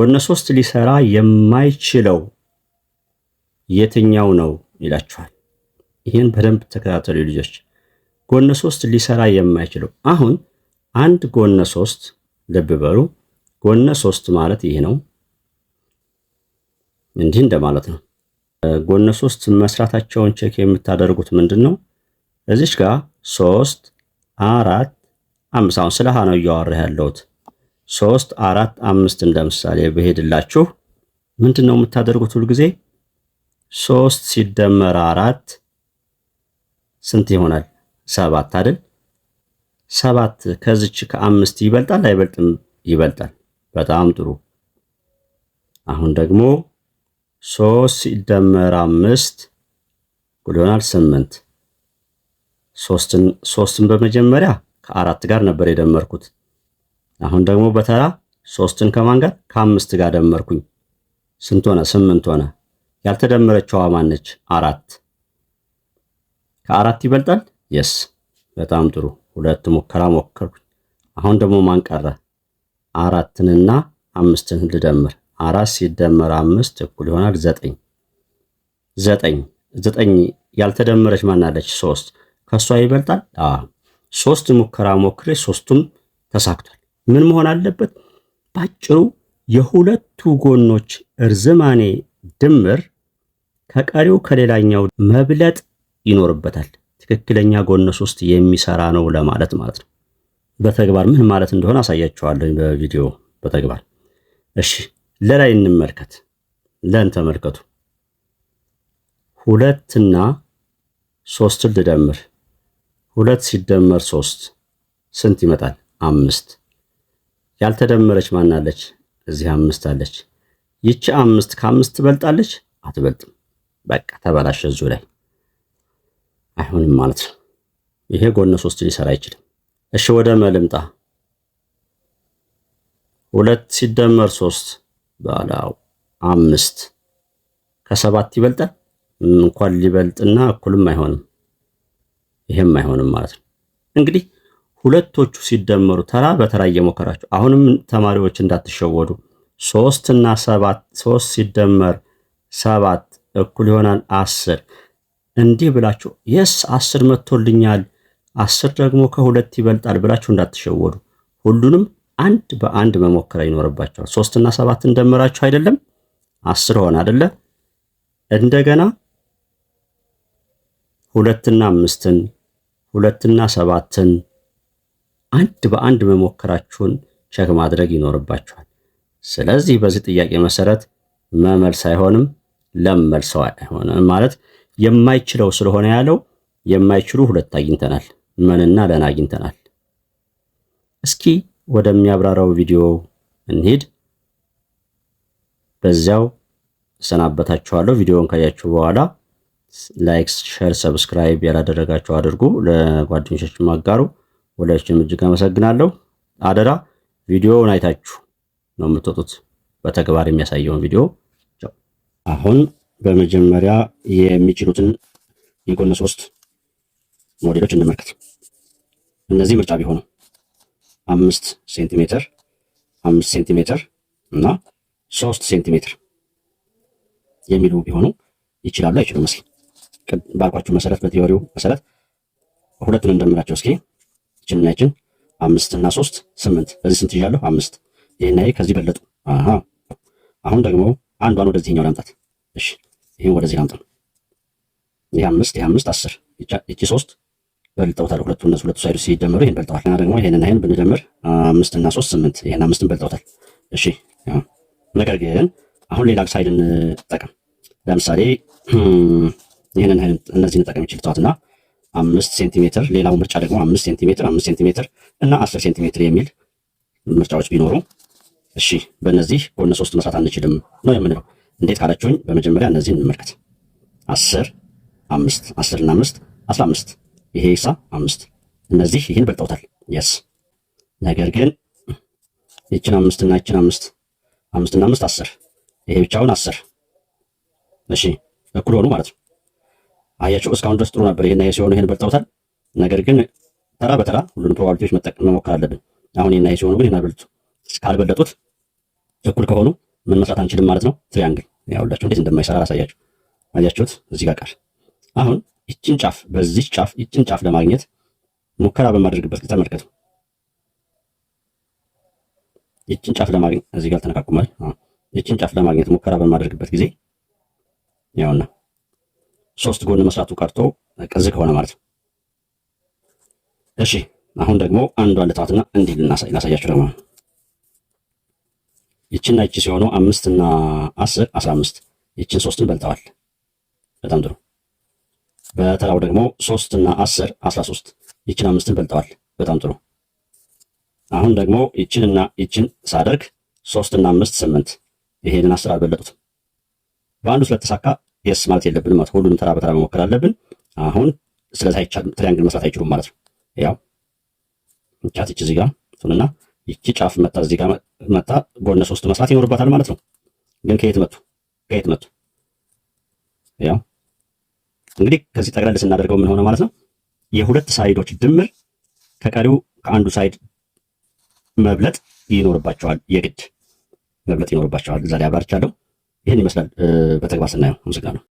ጎነ ሶስት ሊሰራ የማይችለው የትኛው ነው ይላችኋል። ይህን በደንብ ተከታተሉ ልጆች። ጎነ ሶስት ሊሰራ የማይችለው አሁን አንድ ጎነ ሶስት ልብ በሉ። ጎነ ሶስት ማለት ይህ ነው፣ እንዲህ እንደማለት ነው። ጎነ ሶስት መስራታቸውን ቼክ የምታደርጉት ምንድን ነው? እዚች ጋር ሶስት አራት አምስት። አሁን ስለ ሀ ነው እያወራ ያለሁት ሶስት አራት አምስት እንደምሳሌ ብሄድላችሁ ምንድን ነው የምታደርጉት? ሁል ጊዜ ሶስት ሲደመር አራት ስንት ይሆናል? ሰባት አይደል? ሰባት ከዚች ከአምስት ይበልጣል አይበልጥም? ይበልጣል። በጣም ጥሩ። አሁን ደግሞ ሶስት ሲደመር አምስት ይሆናል ስምንት። ሶስትን በመጀመሪያ ከአራት ጋር ነበር የደመርኩት አሁን ደግሞ በተራ ሶስትን ከማን ጋር ከአምስት ጋር ደመርኩኝ። ስንት ሆነ? ስምንት ሆነ። ያልተደመረችዋ ማነች? አራት። ከአራት ይበልጣል? የስ። በጣም ጥሩ ሁለት ሙከራ ሞከርኩኝ። አሁን ደግሞ ማን ቀረ? አራትንና አምስትን ልደምር። አራት ሲደመር አምስት እኩል ይሆናል ዘጠኝ። ዘጠኝ ዘጠኝ ያልተደመረች ማናለች? ሶስት። ከእሷ ይበልጣል? ሶስት ሙከራ ሞክሬ ሶስቱም ተሳክቷል። ምን መሆን አለበት? ባጭሩ የሁለቱ ጎኖች እርዝማኔ ድምር ከቀሪው ከሌላኛው መብለጥ ይኖርበታል። ትክክለኛ ጎነ ሶስት የሚሰራ ነው ለማለት ማለት ነው። በተግባር ምን ማለት እንደሆነ አሳያችኋለሁ በቪዲዮ በተግባር እሺ። ለላይ እንመልከት። ለን ተመልከቱ። ሁለትና ሶስትን ልደምር። ሁለት ሲደመር ሶስት ስንት ይመጣል? አምስት ያልተደመረች ማናለች? እዚህ አምስት አለች። ይቺ አምስት ከአምስት ትበልጣለች? አትበልጥም። በቃ ተበላሸ። እዚሁ ላይ አይሆንም ማለት ነው። ይሄ ጎነ ሶስት ሊሰራ አይችልም። እሺ ወደ መልምጣ ሁለት ሲደመር ሶስት ባላው አምስት ከሰባት ይበልጣል። እንኳን ሊበልጥና እኩልም አይሆንም። ይሄም አይሆንም ማለት ነው እንግዲህ ሁለቶቹ ሲደመሩ ተራ በተራ እየሞከራቸው አሁንም ተማሪዎች እንዳትሸወዱ። ሶስት እና ሰባት ሶስት ሲደመር ሰባት እኩል ይሆናል አስር እንዲህ ብላችሁ የስ አስር መጥቶልኛል፣ አስር ደግሞ ከሁለት ይበልጣል ብላችሁ እንዳትሸወዱ። ሁሉንም አንድ በአንድ መሞከር ይኖርባቸዋል። ሶስትና ሰባትን ደምራችሁ አይደለም አስር ሆነ አደለ እንደገና ሁለትና አምስትን ሁለትና ሰባትን አንድ በአንድ መሞከራችሁን ቸክ ማድረግ ይኖርባችኋል። ስለዚህ በዚህ ጥያቄ መሰረት መመልስ አይሆንም፣ ለመልሰው አይሆንም ማለት የማይችለው ስለሆነ ያለው የማይችሉ ሁለት አግኝተናል፣ መንና ለን አግኝተናል። እስኪ ወደሚያብራራው ቪዲዮ እንሂድ። በዚያው እሰናበታችኋለሁ። ቪዲዮውን ካያችሁ በኋላ ላይክ፣ ሼር፣ ሰብስክራይብ ያላደረጋችሁ አድርጉ፣ ለጓደኞቻችሁ ማጋሩ። ሁላችንም እጅግ አመሰግናለሁ። አደራ ቪዲዮውን አይታችሁ ነው የምትወጡት፣ በተግባር የሚያሳየውን ቪዲዮ። አሁን በመጀመሪያ የሚችሉትን የጎን ሶስት ሞዴሎች እንመልከት። እነዚህ ምርጫ ቢሆኑ አምስት ሴንቲሜትር አምስት ሴንቲሜትር እና ሶስት ሴንቲሜትር የሚሉ ቢሆኑ ይችላሉ አይችሉም? እስኪ ባልኳችሁ መሰረት በቴዎሪው መሰረት ሁለቱን እንደምላቸው እስኪ ጅምያችን አምስት እና ሶስት ስምንት። በዚህ ስንት ይዣለሁ? አምስት። ይህና ከዚህ በለጡ። አሃ አሁን ደግሞ አንዷን ወደዚህኛው ላምጣት። እሺ ይህን ወደዚህ ላምጣ። ይህ አምስት ይህ አምስት አስር። ይቺ ሶስት በልጠውታል። ሁለቱ እነሱ ሁለቱ ሳይዱ ሲጀመሩ ይህን በልጠዋል። እና ደግሞ ይህንና ይህን ብንጀምር አምስት እና ሶስት ስምንት። ይህን አምስትን በልጠውታል። እሺ ነገር ግን አሁን ሌላ ሳይድ እንጠቀም። ለምሳሌ ይህንን እነዚህን እንጠቀም ይችል ተዋትና አምስት ሴንቲሜትር ሌላው ምርጫ ደግሞ አምስት ሴንቲሜትር አምስት ሴንቲሜትር እና አስር ሴንቲሜትር የሚል ምርጫዎች ቢኖሩ እሺ በእነዚህ ጎነ ሶስት መስራት አንችልም ነው የምንለው። እንዴት ካላችሁኝ በመጀመሪያ እነዚህ እንመልከት። አስር አምስት አስር እና አምስት አስራ አምስት ይሄ ይሳ አምስት እነዚህ ይህን በልጠውታል። የስ ነገር ግን ይችን አምስት እና ይችን አምስት አምስት እና አምስት አስር ይሄ ብቻውን አስር እሺ እኩል ሆኑ ማለት ነው። አያቸው እስካሁን ድረስ ጥሩ ነበር። ይሄና ሲሆኑ ይሄን በልጠውታል። ነገር ግን ተራ በተራ ሁሉንም ፕሮባቢሊቲዎች መጠቀም መሞከር አለብን። አሁን ይሄና ሲሆኑ ግን ይሄን አልበልጡ ካልበለጡት እኩል ከሆኑ ምን መስራት አንችልም ማለት ነው። ትሪያንግል ያውላችሁ እንዴት እንደማይሰራ አሳያችሁ። አያችሁት እዚህ ጋር ቃል አሁን ይችን ጫፍ በዚህ ጫፍ ይችን ጫፍ ለማግኘት ሙከራ በማድረግበት ጊዜ ተመልከቱ። ይችን ጫፍ ለማግኘት እዚህ ጋር ተነካኩማል። ይችን ጫፍ ለማግኘት ሙከራ በማድረግበት ጊዜ ያውና ሶስት ጎን መስራቱ ቀርቶ ቅዝ ከሆነ ማለት ነው። እሺ አሁን ደግሞ አንዷን ልተዋትና እንዲህ ላሳያችሁ ደግሞ ይችና ይቺ ሲሆኑ አምስት እና አስር አስራ አምስት ይችን ሶስትን በልተዋል። በጣም ጥሩ። በተራው ደግሞ ሶስት እና አስር አስራ ሶስት ይችን አምስትን በልተዋል። በጣም ጥሩ። አሁን ደግሞ ይችን እና ይችን ሳደርግ ሶስት እና አምስት ስምንት ይሄንን አስር አልበለጡትም። በአንዱ ስለተሳካ የስ ማለት የለብን ማለት ሁሉንም ተራ በተራ መሞከር አለብን። አሁን ስለዚህ አይቻልም፣ ትሪያንግል መስራት አይችሉም ማለት ነው። ያው ቻት እዚህ ጋር ቱንና ይቺ ጫፍ መጣ እዚህ ጋር መጣ፣ ጎነ ሶስት መስራት ይኖርባታል ማለት ነው። ግን ከየት መጡ? ከየት መጡ? ያው እንግዲህ ከዚህ ጠቅለል ስናደርገው ምን ሆነ ማለት ነው የሁለት ሳይዶች ድምር ከቀሪው ከአንዱ ሳይድ መብለጥ ይኖርባቸዋል፣ የግድ መብለጥ ይኖርባቸዋል። እዛ ላይ አብራርቻለሁ። ይህን ይመስላል በተግባር ስናየው። አመሰግናለሁ።